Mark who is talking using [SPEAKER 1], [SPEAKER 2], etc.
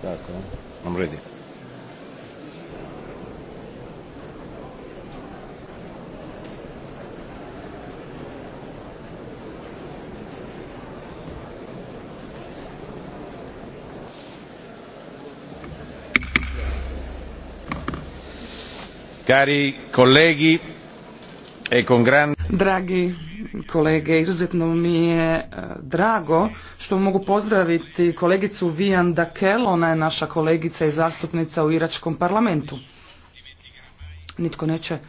[SPEAKER 1] start. Huh? I'm ready.
[SPEAKER 2] Cari colleghi, e con grande...
[SPEAKER 3] Draghi kolege. Izuzetno mi je e, drago što mogu pozdraviti kolegicu Vijan Dakel, ona je naša kolegica i zastupnica u Iračkom parlamentu. Nitko neće